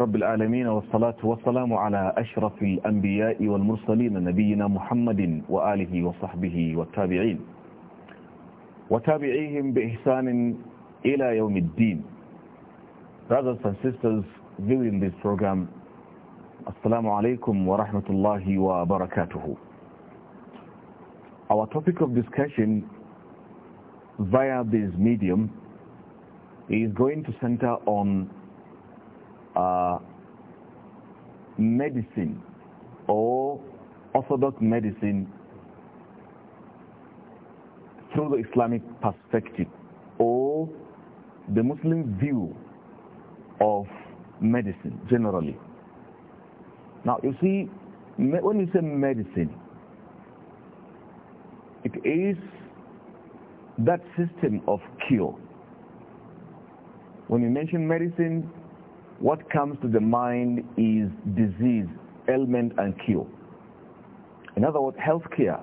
رب العالمين والصلاة والسلام على أشرف الأنبياء والمرسلين نبينا محمد وآله وصحبه والتابعين وتابعيهم بإحسان إلى يوم الدين Brothers and sisters viewing this program السلام عليكم ورحمة الله وبركاته Our topic of discussion via this medium is going to center on uh, medicine or orthodox medicine through the Islamic perspective or the Muslim view of medicine generally. Now you see, when you say medicine, it is that system of cure. When you mention medicine, what comes to the mind is disease, ailment and cure. In other words, healthcare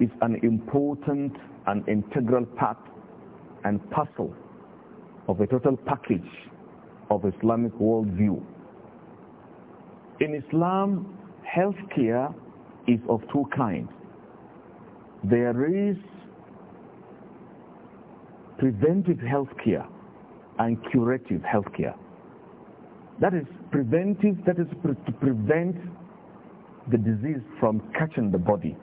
is an important and integral part and parcel of a total package of Islamic worldview. In Islam, healthcare is of two kinds. There is preventive healthcare and curative healthcare. That is preventive, that is pre to prevent the disease from catching the body.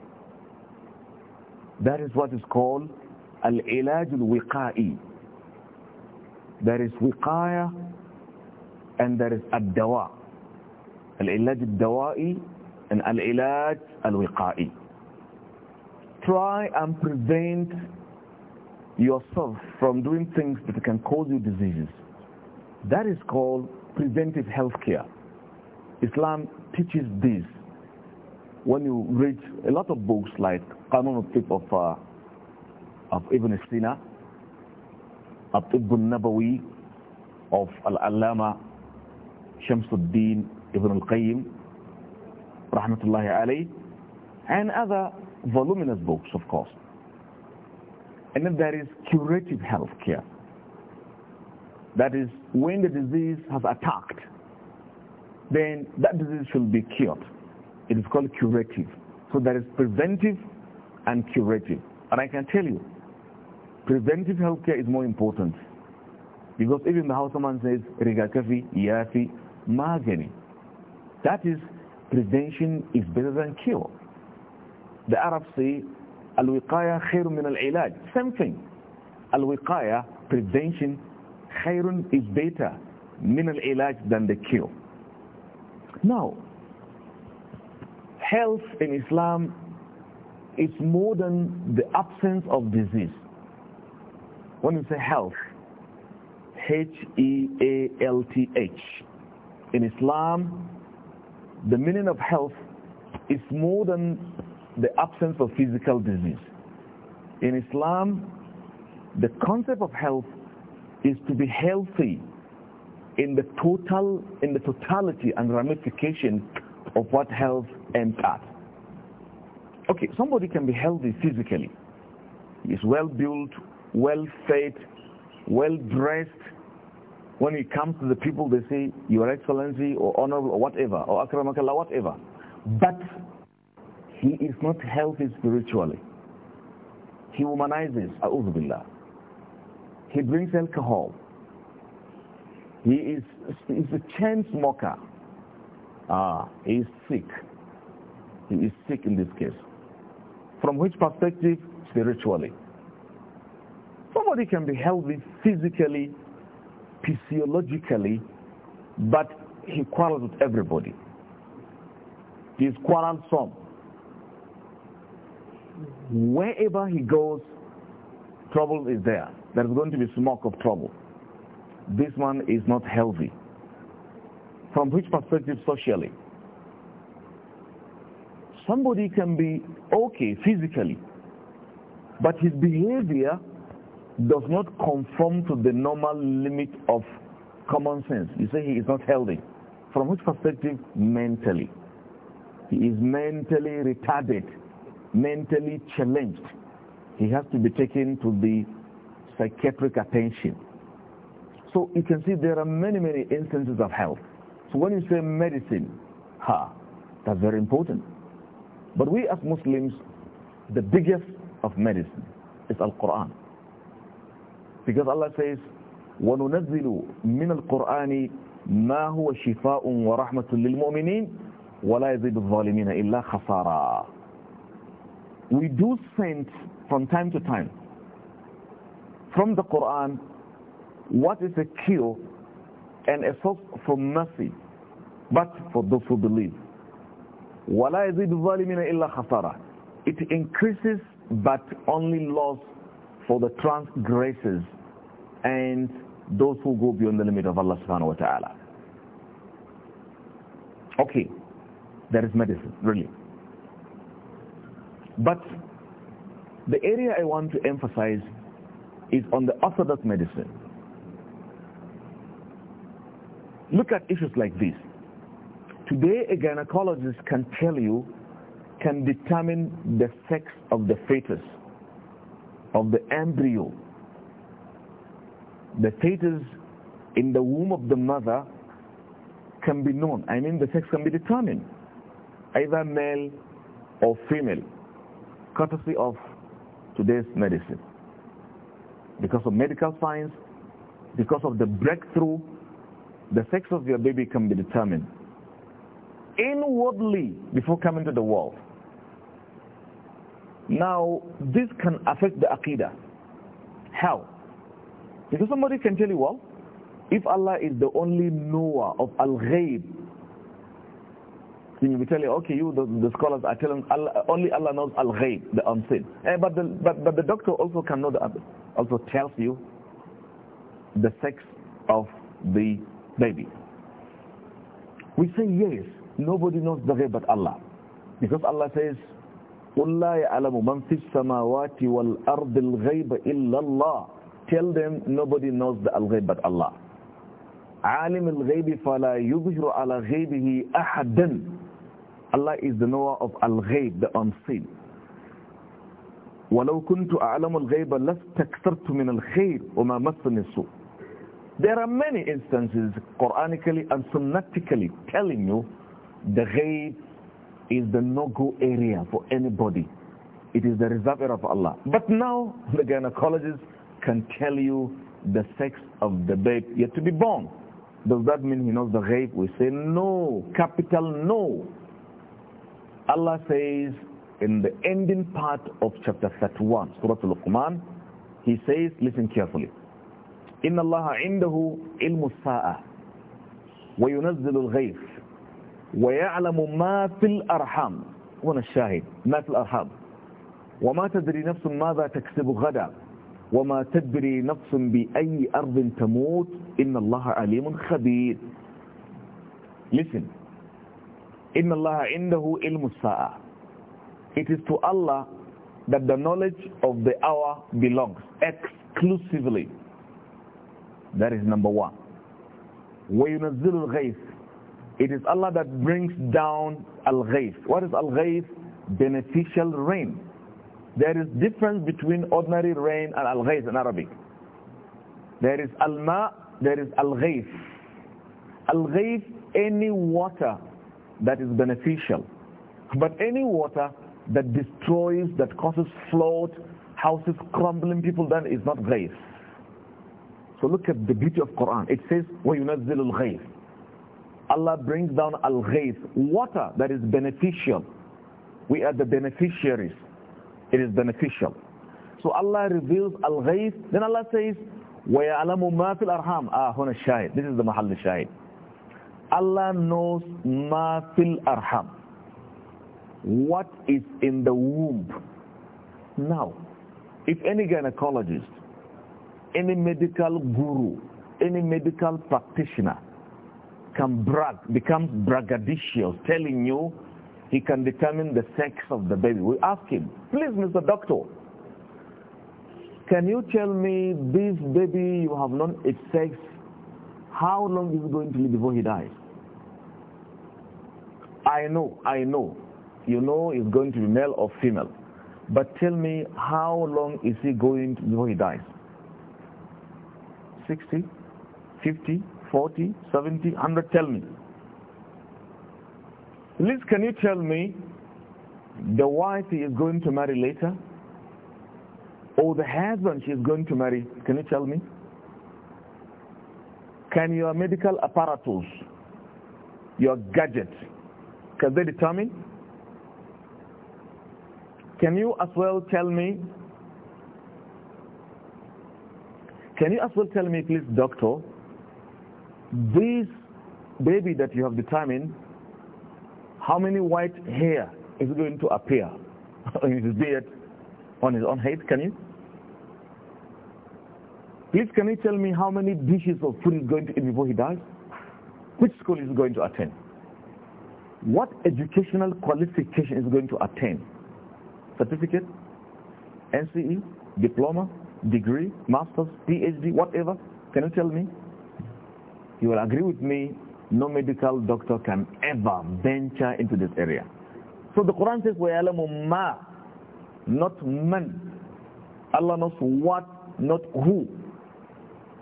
That is what is called al-ilaj al-wiqa'i. There is wiqaya and there is ad-dawa. Al-ilaj al-dawa'i and al-ilaj al-wiqa'i. Try and prevent yourself from doing things that can cause you diseases. That is called preventive health care. Islam teaches this. When you read a lot of books like Qanun of, uh, of Ibn Sina, of Ibn Nabawi, of Al-Allama, Shamsuddin Ibn Al-Qayyim, Rahmatullahi Alayhi, and other voluminous books, of course. And then there is curative health care that is, when the disease has attacked, then that disease should be cured. It is called curative. So there is preventive and curative. And I can tell you, preventive healthcare is more important. Because even the house man says, rigakafi, yafi, magani. That is, prevention is better than cure. The Arabs say, al-wiqaya khairu min al-ilaj. Same thing. Al-wiqaya, prevention khairun is better min al-ilaj than the cure. Now, health in Islam is more than the absence of disease. When you say health, H-E-A-L-T-H. In Islam, the meaning of health is more than the absence of physical disease. In Islam, the concept of health is to be healthy in the total, in the totality and ramification of what health aims at. Okay, somebody can be healthy physically. He is well built, well fed, well dressed. When he comes to the people, they say, Your Excellency or Honorable or whatever, or Akramakallah, whatever. But he is not healthy spiritually. He humanizes, a'udhu billah. He brings alcohol. He is he's a chain smoker. Ah, he is sick. He is sick in this case. From which perspective? Spiritually. Somebody can be healthy physically, physiologically, but he quarrels with everybody. He is quarrelsome. Wherever he goes, trouble is there. There's going to be smoke of trouble. This one is not healthy. From which perspective socially? Somebody can be okay physically, but his behavior does not conform to the normal limit of common sense. You say he is not healthy. From which perspective? Mentally. He is mentally retarded, mentally challenged he has to be taken to the psychiatric attention. So you can see there are many, many instances of health. So when you say medicine, ha, that's very important. But we as Muslims, the biggest of medicine is Al-Quran. Because Allah says, وَنُنَزِّلُ مِنَ الْقُرْآنِ مَا هُوَ شِفَاءٌ وَرَحْمَةٌ لِلْمُؤْمِنِينَ وَلَا يَزِيدُ الظَّالِمِينَ إِلَّا خَسَارًا We do send from time to time from the Quran what is a cure and a source for mercy but for those who believe وَلَا يَزِيدُ الظَّالِمِينَ إِلَّا خَسَارًا It increases but only loss for the transgressors and those who go beyond the limit of Allah subhanahu wa ta'ala. Okay, there is medicine, really. But the area I want to emphasize is on the orthodox medicine. Look at issues like this. Today, a gynecologist can tell you, can determine the sex of the fetus, of the embryo. The fetus in the womb of the mother can be known. I mean, the sex can be determined, either male or female, courtesy of today's medicine. Because of medical science, because of the breakthrough, the sex of your baby can be determined inwardly before coming to the world. Now, this can affect the aqidah. How? Because somebody can tell you, well, if Allah is the only knower of al ghayb. Then you'll be telling, okay, you, the, the scholars are telling Allah, only Allah knows al ghayb, the unseen. Eh, but, the, but, but the doctor also can know the, also tells you the sex of the baby. We say yes, nobody knows the ghayb but Allah. Because Allah says, قُلْ لَا يَعْلَمُ مَنْ فِي السَّمَاوَاتِ وَالْأَرْضِ الْغَيْبَ إِلَّا اللَّهِ Tell them nobody knows the al ghayb but Allah. عَالِمِ الْغَيْبِ فَلَا يُظْهِرُ عَلَى غَيْبِهِ أَحَدًا Allah is the knower of al-ghayb, the unseen. وَلَوْ كُنْتُ أَعْلَمُ الْغَيْبَ لَسْتَكْثَرْتُ مِنَ الْخَيْرِ وَمَا مَسَّنِ السُّوءُ There are many instances, Quranically and Sunnatically, telling you the ghayb is the no-go area for anybody. It is the reserve of Allah. But now the gynecologist can tell you the sex of the babe yet to be born. Does that mean he knows the ghayb? We say no, capital no. Allah says in the ending part of chapter 31, Surah Al-Luqman, He says, listen carefully, إِنَّ اللَّهَ عِنْدَهُ إِلْمُ السَّاءَةِ وَيُنَزِّلُ الْغَيْثِ وَيَعْلَمُ مَا فِي الْأَرْحَامِ هنا الشاهد ما في الأرحام وما تدري نفس ماذا تكسب غدا وما تدري نفس بأي أرض تموت إن الله عليم خبير Listen, إِنَّ اللَّهَ إِنَّهُ إِلْمُ It is to Allah that the knowledge of the hour belongs exclusively. That is number one. وَيُنَزِّلُ الْغَيْثِ It is Allah that brings down al-ghayth. What is al-ghayth? Beneficial rain. There is difference between ordinary rain and al-ghayth in Arabic. There is al-ma, there is al-ghayth. Al-ghayth, any water that is beneficial. But any water that destroys, that causes flood, houses crumbling, people then is not grace. So look at the beauty of Quran. It says, وَيُنَزِّلُ الْغَيْثِ Allah brings down al-ghayth, water that is beneficial. We are the beneficiaries. It is beneficial. So Allah reveals al-ghayth. Then Allah says, وَيَعْلَمُ مَا فِي الْأَرْحَامِ Ah, هنا الشاهد. This is the mahal shahid. Allah knows ma fil arham. What is in the womb. Now, if any gynecologist, any medical guru, any medical practitioner can brag, becomes braggadocious, telling you he can determine the sex of the baby. We ask him, please, Mr. Doctor, can you tell me this baby you have known its sex, how long is he going to live before he dies? I know, I know, you know it's going to be male or female. But tell me, how long is he going to, before he dies? 60, 50, 40, 70, 100, tell me. Liz, can you tell me the wife he is going to marry later? Or the husband she is going to marry? Can you tell me? Can your medical apparatus, your gadget, can they determine? Can you as well tell me? Can you as well tell me, please, doctor, this baby that you have determined, how many white hair is going to appear on his beard, on his own head? Can you? Please, can you tell me how many dishes of food is going to eat before he dies? Which school is going to attend? what educational qualification is going to attain? Certificate, NCE, diploma, degree, master's, PhD, whatever. Can you tell me? You will agree with me, no medical doctor can ever venture into this area. So the Quran says, وَيَعْلَمُ مَا Not man. Allah knows what, not who.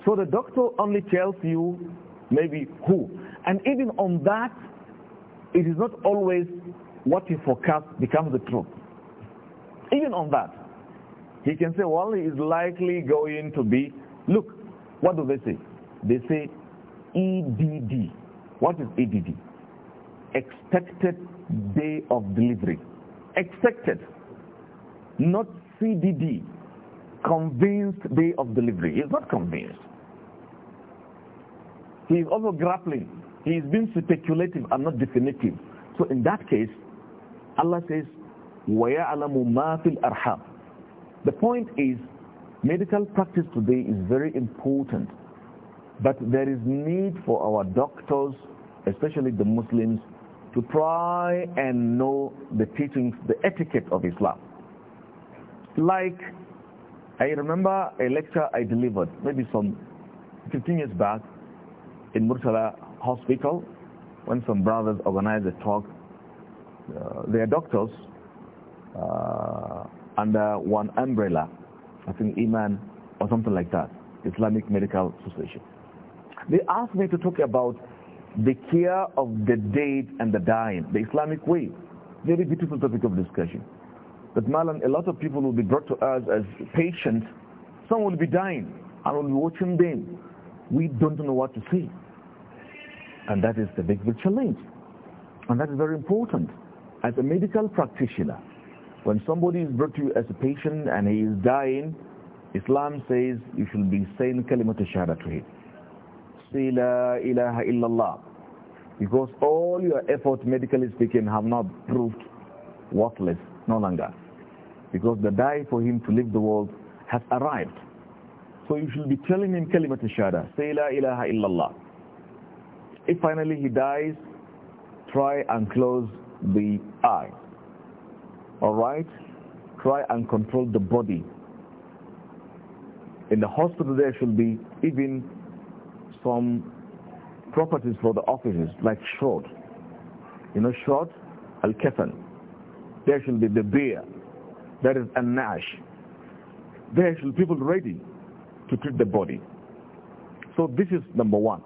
So the doctor only tells you maybe who. And even on that, it is not always what you forecast becomes the truth. Even on that, he can say, well, he is likely going to be, look, what do they say? They say EDD. What is EDD? Expected day of delivery. Expected, not CDD, convinced day of delivery. He is not convinced. He is also grappling he is being speculative and not definitive. So in that case, Allah says, وَيَعْلَمُ مَا فِي الْأَرْحَامِ The point is, medical practice today is very important, but there is need for our doctors, especially the Muslims, to try and know the teachings, the etiquette of Islam. Like, I remember a lecture I delivered maybe some 15 years back in Mursala hospital, when some brothers organized a talk, uh, their doctors uh, under one umbrella, I think Iman or something like that, Islamic Medical Association. They asked me to talk about the care of the dead and the dying, the Islamic way. Very beautiful topic of discussion. But Malan, a lot of people will be brought to us as patients. Some will be dying and will be watching them. We don't know what to say. And that is the big, big challenge. And that is very important. As a medical practitioner, when somebody is brought to you as a patient and he is dying, Islam says you should be saying kalimat shahada to him. Say la ilaha illallah. Because all your efforts, medically speaking, have not proved worthless no longer. Because the day for him to leave the world has arrived. So you should be telling him kalimat shahada. Say la ilaha illallah if finally he dies, try and close the eye. All right? Try and control the body. In the hospital, there should be even some properties for the officers, like short. You know, short, al-kafan. There should be the beer. That is a nash. There should be people ready to treat the body. So this is number one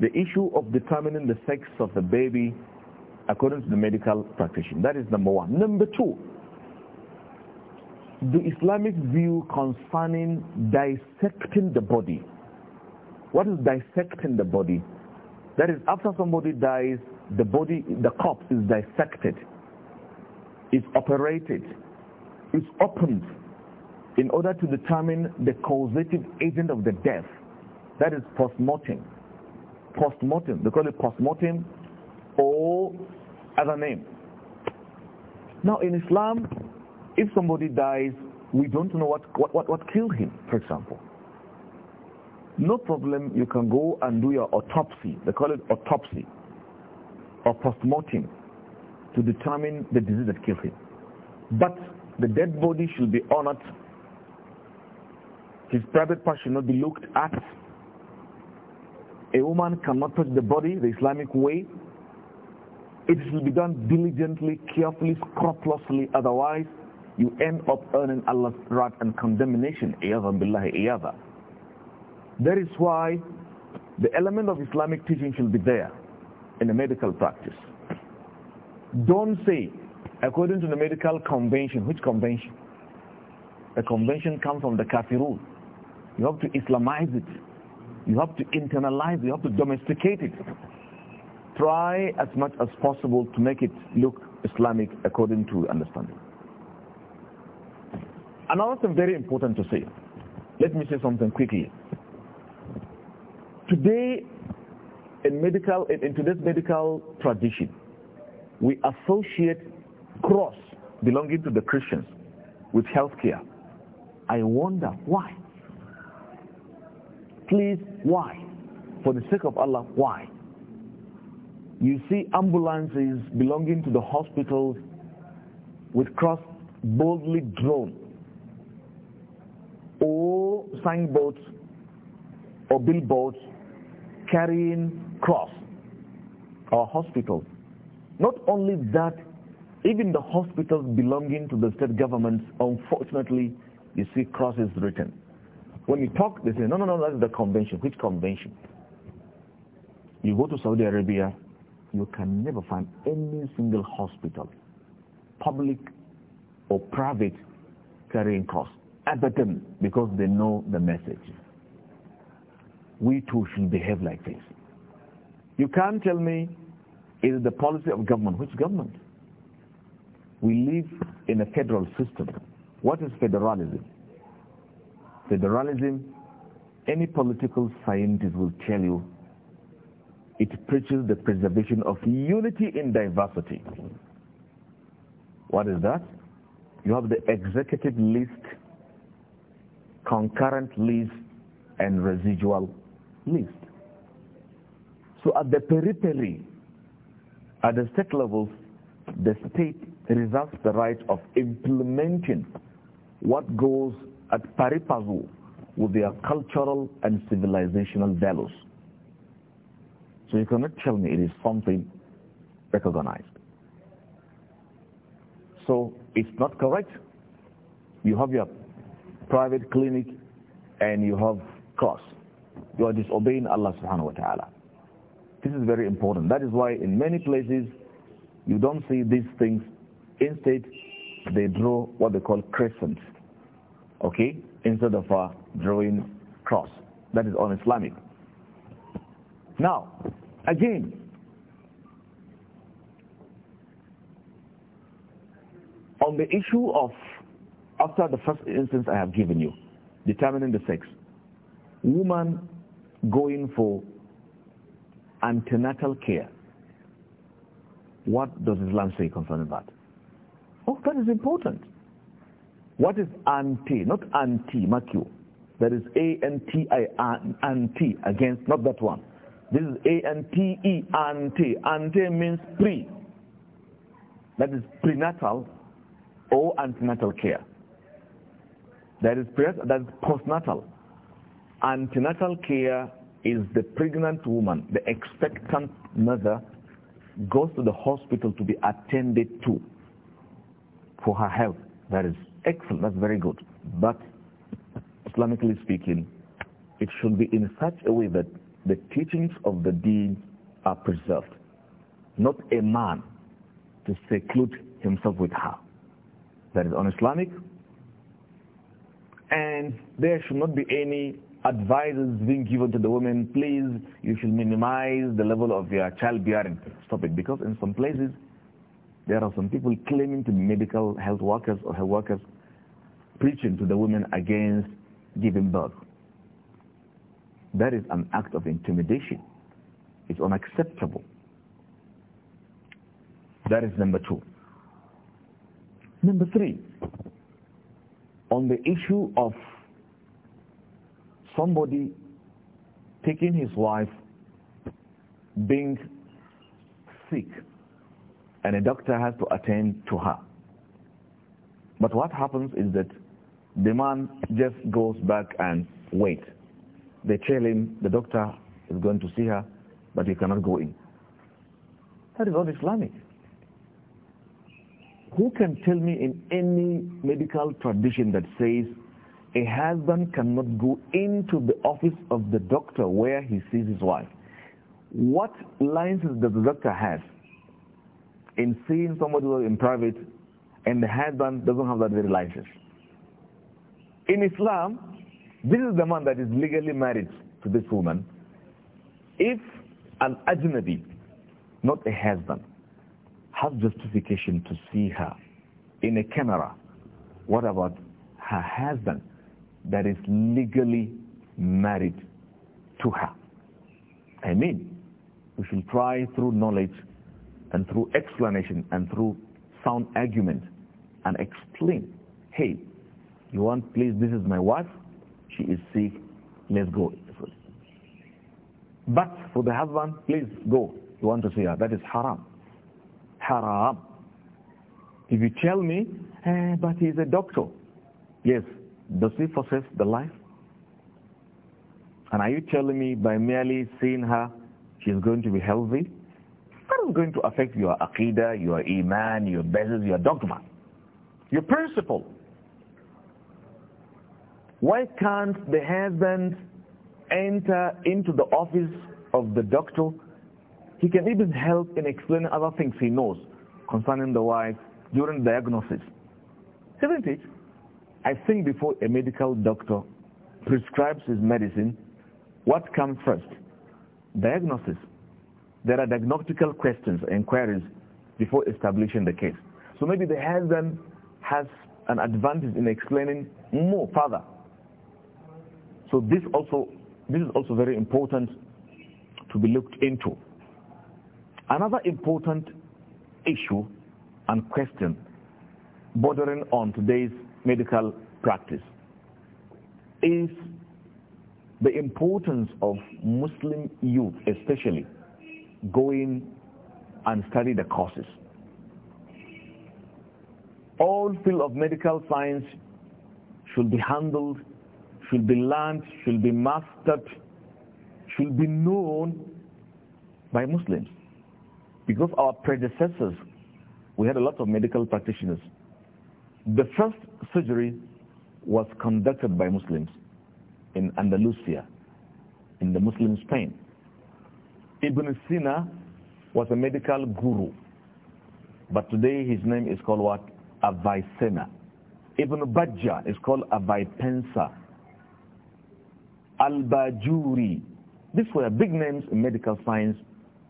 the issue of determining the sex of the baby according to the medical practitioner. That is number one. Number two, the Islamic view concerning dissecting the body. What is dissecting the body? That is, after somebody dies, the body, the corpse is dissected, is operated, is opened in order to determine the causative agent of the death. That is post-mortem post-mortem. They call it post-mortem or other name. Now in Islam, if somebody dies, we don't know what, what, what, what killed him, for example. No problem, you can go and do your autopsy. They call it autopsy or post-mortem to determine the disease that killed him. But the dead body should be honored. His private part should not be looked at a woman cannot touch the body the Islamic way, it should be done diligently, carefully, scrupulously. Otherwise, you end up earning Allah's wrath and condemnation. That is why the element of Islamic teaching should be there in the medical practice. Don't say, according to the medical convention, which convention? The convention comes from the kafirun. You have to Islamize it you have to internalize, you have to domesticate it. Try as much as possible to make it look Islamic according to understanding. Another thing very important to say. Let me say something quickly. Today, in medical, in today's medical tradition, we associate cross belonging to the Christians with healthcare. I wonder why. Please, why? For the sake of Allah, why? You see ambulances belonging to the hospitals with cross boldly drawn or signboards or billboards carrying cross or hospitals. Not only that, even the hospitals belonging to the state governments, unfortunately, you see crosses written. When you talk, they say, no, no, no, that's the convention. Which convention? You go to Saudi Arabia, you can never find any single hospital, public or private, carrying costs. time because they know the message. We too should behave like this. You can't tell me it is the policy of government. Which government? We live in a federal system. What is federalism? Federalism, any political scientist will tell you it preaches the preservation of unity in diversity. What is that? You have the executive list, concurrent list, and residual list. So at the periphery, at the state levels, the state reserves the right of implementing what goes at pari passu with their cultural and civilizational values. So you cannot tell me it is something recognized. So it's not correct. You have your private clinic and you have cross. You are disobeying Allah subhanahu wa ta'ala. This is very important. That is why in many places you don't see these things. Instead, they draw what they call crescents okay, instead of uh, drawing cross. That all un-Islamic. Now, again, on the issue of, after the first instance I have given you, determining the sex, woman going for antenatal care, what does Islam say concerning that? Oh, that is important. What is anti? Not anti, mark you. That is A-N-T-I, anti, against, not that one. This is A-N-T-E, anti. Anti means pre. That is prenatal or antenatal care. That is, that is postnatal. Antenatal care is the pregnant woman, the expectant mother, goes to the hospital to be attended to for her health, that is Excellent, that's very good. But Islamically speaking, it should be in such a way that the teachings of the deen are preserved. Not a man to seclude himself with her. That is un-Islamic. And there should not be any advices being given to the women, please, you should minimize the level of your childbearing. Stop it. Because in some places, there are some people claiming to be medical health workers or health workers preaching to the women against giving birth. That is an act of intimidation. It's unacceptable. That is number two. Number three, on the issue of somebody taking his wife being sick and a doctor has to attend to her. But what happens is that the man just goes back and waits. They tell him the doctor is going to see her, but he cannot go in. That is not Islamic. Who can tell me in any medical tradition that says a husband cannot go into the office of the doctor where he sees his wife? What license does the doctor have in seeing somebody in private and the husband doesn't have that very license? In Islam, this is the man that is legally married to this woman. If an ajnabi, not a husband, has justification to see her in a camera, what about her husband that is legally married to her? I mean, we should try through knowledge and through explanation and through sound argument and explain, hey, you want, please, this is my wife. She is sick. Let's go. But for the husband, please go. You want to see her. That is haram. Haram. If you tell me, eh, but he is a doctor. Yes. Does he possess the life? And are you telling me by merely seeing her, she's going to be healthy? That is going to affect your aqidah, your iman, your basis, your dogma, your principle. Why can't the husband enter into the office of the doctor? He can even help in explaining other things he knows concerning the wife during diagnosis. Isn't it? I think before a medical doctor prescribes his medicine, what comes first? Diagnosis. There are diagnostical questions, inquiries before establishing the case. So maybe the husband has an advantage in explaining more further so this also this is also very important to be looked into. Another important issue and question bordering on today's medical practice is the importance of Muslim youth especially going and study the courses. All field of medical science should be handled should be learned, should be mastered, should be known by Muslims. Because our predecessors, we had a lot of medical practitioners. The first surgery was conducted by Muslims in Andalusia, in the Muslim Spain. Ibn Sina was a medical guru, but today his name is called what? Avicenna. Ibn Bajjah is called Avipensa. Al-Bajuri. These were big names in medical science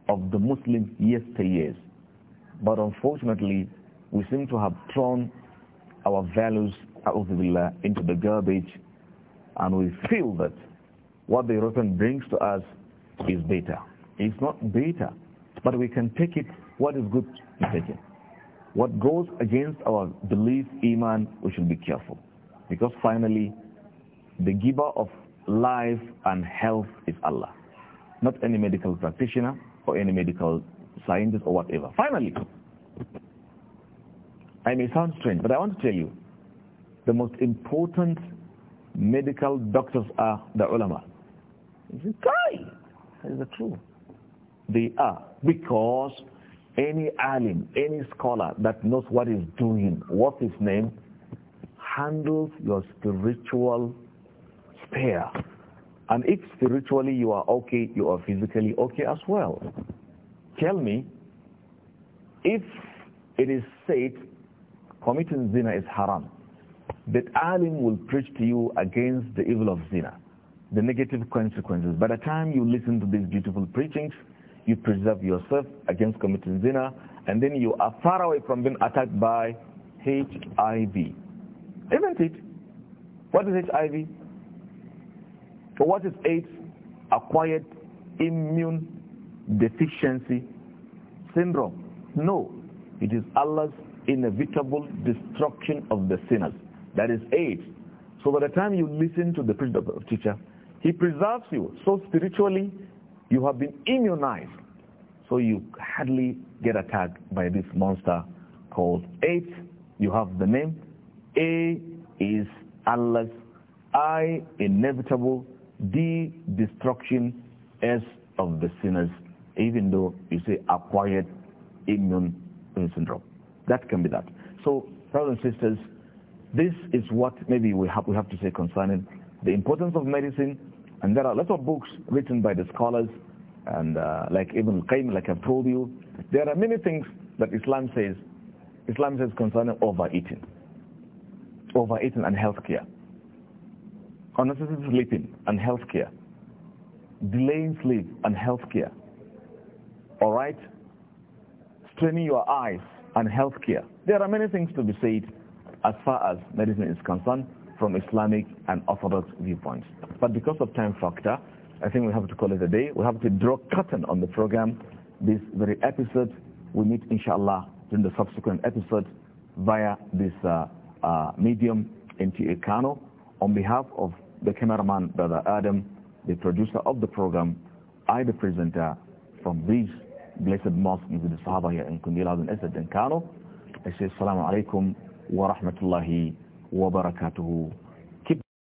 of the Muslim yesteryears. But unfortunately, we seem to have thrown our values into the garbage and we feel that what the European brings to us is better. It's not better, but we can take it what is good to take it. What goes against our belief, Iman, we should be careful. Because finally, the giver of life and health is Allah. Not any medical practitioner or any medical scientist or whatever. Finally, I may sound strange, but I want to tell you, the most important medical doctors are the ulama. Is it true? Is the truth. They are, because any alim, any scholar that knows what he's doing, what's his name, handles your spiritual spare. And if spiritually you are okay, you are physically okay as well. Tell me, if it is said committing zina is haram, that alim will preach to you against the evil of zina, the negative consequences. By the time you listen to these beautiful preachings, you preserve yourself against committing zina, and then you are far away from being attacked by HIV. Isn't it? What is HIV? So what is AIDS? Acquired immune deficiency syndrome. No, it is Allah's inevitable destruction of the sinners. That is AIDS. So by the time you listen to the teacher, he preserves you. So spiritually, you have been immunized. So you hardly get attacked by this monster called AIDS. You have the name. A is Allah's I inevitable the destruction as of the sinners, even though you say acquired immune syndrome. That can be that. So, brothers and sisters, this is what maybe we have, we have to say concerning the importance of medicine. And there are lots of books written by the scholars, and uh, like Ibn Qayyim, like I've told you, there are many things that Islam says. Islam says concerning overeating, overeating and health care unnecessary sleeping and health care, delaying sleep and health care, all right? Straining your eyes and health care. There are many things to be said as far as medicine is concerned from Islamic and Orthodox viewpoints. But because of time factor, I think we have to call it a day. We have to draw curtain on the program this very episode. We meet, inshallah, during the subsequent episode via this uh, uh, medium, NTA Kano. On behalf of the cameraman, Brother Adam, the producer of the program, I, the presenter from this blessed mosque, Masjid the sahaba here in Kundila bin Asad in Kano. I say, Assalamu alaikum wa rahmatullahi wa barakatuhu.